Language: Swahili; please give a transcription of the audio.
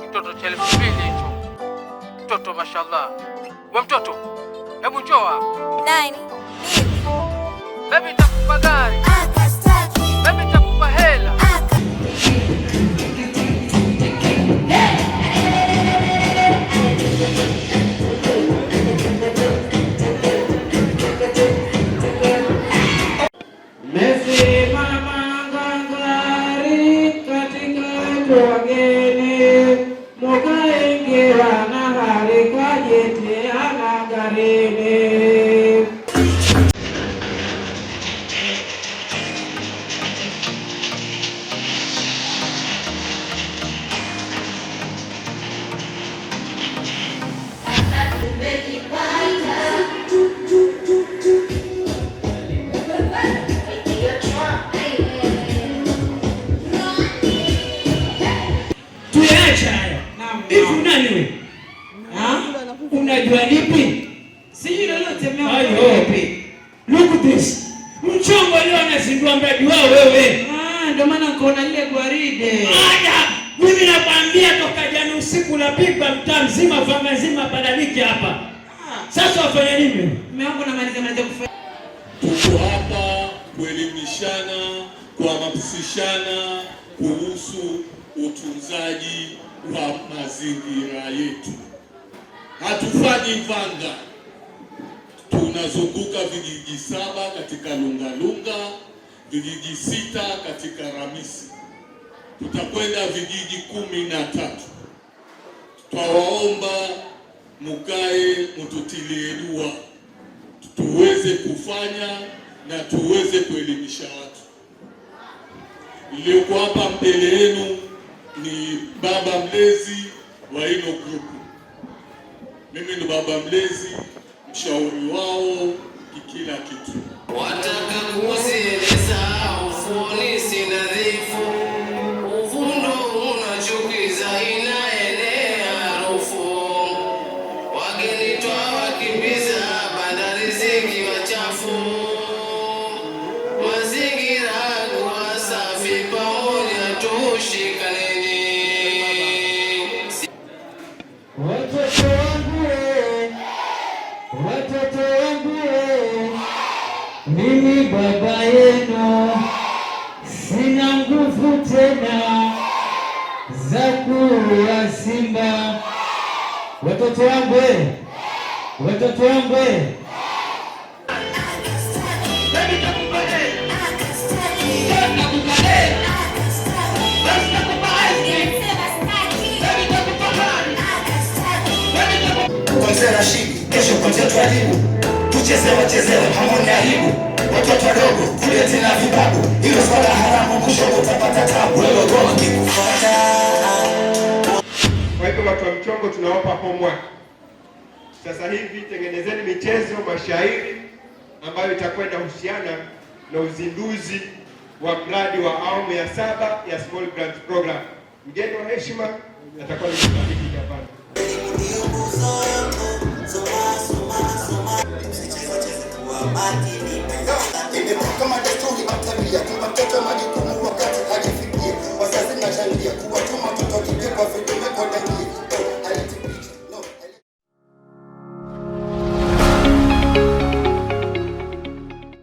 Kitoto cha elfu mbili hicho mtoto, mashallah. We mtoto, hebu njoa. hapa. Nani? Mimi. Baby, takupa gari Acha hayo. Hivi unani wewe? Unajua lipi? Sijui lolote mimi. Look at this. Mchongo leo anazindua mradi wao wewe. Ah, ndio maana ukaona ile gwaride. Haya, mimi nakwambia toka jana usiku napigwa mtaa mzima fanga nzima badaliki hapa. Sasa wafanya nini? Mimi wangu namaliza maliza kufanya. Tuko hapa kuelimishana, kuhamasishana kuhusu utunzaji wa mazingira yetu. Hatufanyi vanga, tunazunguka vijiji saba katika Lungalunga, vijiji sita katika Ramisi, tutakwenda vijiji kumi na tatu. Twawaomba mukae mututilie dua tuweze kufanya na tuweze kuelimisha watu. iliyokuwa hapa mbele yenu ni baba mlezi wa hilo grupu. Mimi ni baba mlezi, mshauri wao kikila kitu. mimi baba yenu sina nguvu tena za kuua simba. Watoto wangu watoto wangu kuanzia Rashidi kesho kwa kuanzia tualimu tuchezewe chezewe, hamuna aibu, watoto wadogo kule tena vibabu, hilo swala haramu, mwisho utapata tabu, wewe goma kikufuata. Kwa hivyo watu wa mchongo tunawapa homework sasa hivi, tengenezeni michezo, mashairi ambayo itakwenda husiana na uzinduzi wa mradi wa awamu ya saba ya Small Grants Program. Mgeni wa heshima atakuwa ni msabiki Japani kama desturi